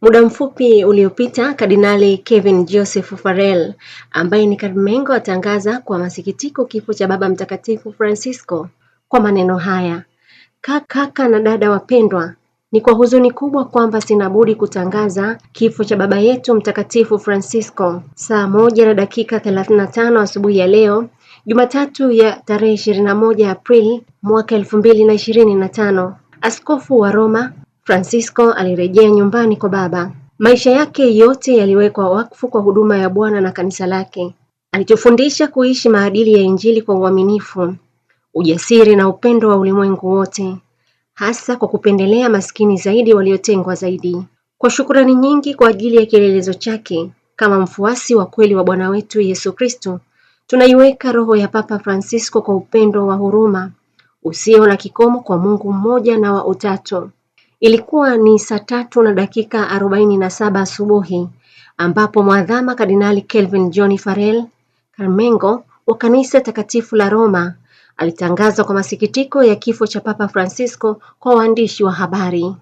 Muda mfupi uliopita Kardinali Kevin Joseph Farrell ambaye ni Karmengo atangaza kwa masikitiko kifo cha Baba Mtakatifu Francisco kwa maneno haya: kaka na dada wapendwa, ni kwa huzuni kubwa kwamba sina budi kutangaza kifo cha baba yetu Mtakatifu Francisco saa moja na dakika 35 asubuhi ya leo Jumatatu ya tarehe 21 Aprili mwaka 2025. Askofu wa Roma Francisco alirejea nyumbani kwa baba. Maisha yake yote yaliwekwa wakfu kwa huduma ya Bwana na kanisa lake. Alitufundisha kuishi maadili ya Injili kwa uaminifu, ujasiri na upendo wa ulimwengu wote, hasa kwa kupendelea maskini zaidi waliotengwa zaidi. Kwa shukurani nyingi kwa ajili ya kielelezo chake kama mfuasi wa kweli wa Bwana wetu Yesu Kristo, tunaiweka roho ya Papa Francisco kwa upendo wa huruma usio na kikomo kwa Mungu mmoja na wa Utatu. Ilikuwa ni saa tatu na dakika arobaini na saba asubuhi ambapo mwadhama Kardinali Kelvin John Farel carmengo wa kanisa takatifu la Roma alitangaza kwa masikitiko ya kifo cha Papa Francisco kwa waandishi wa habari.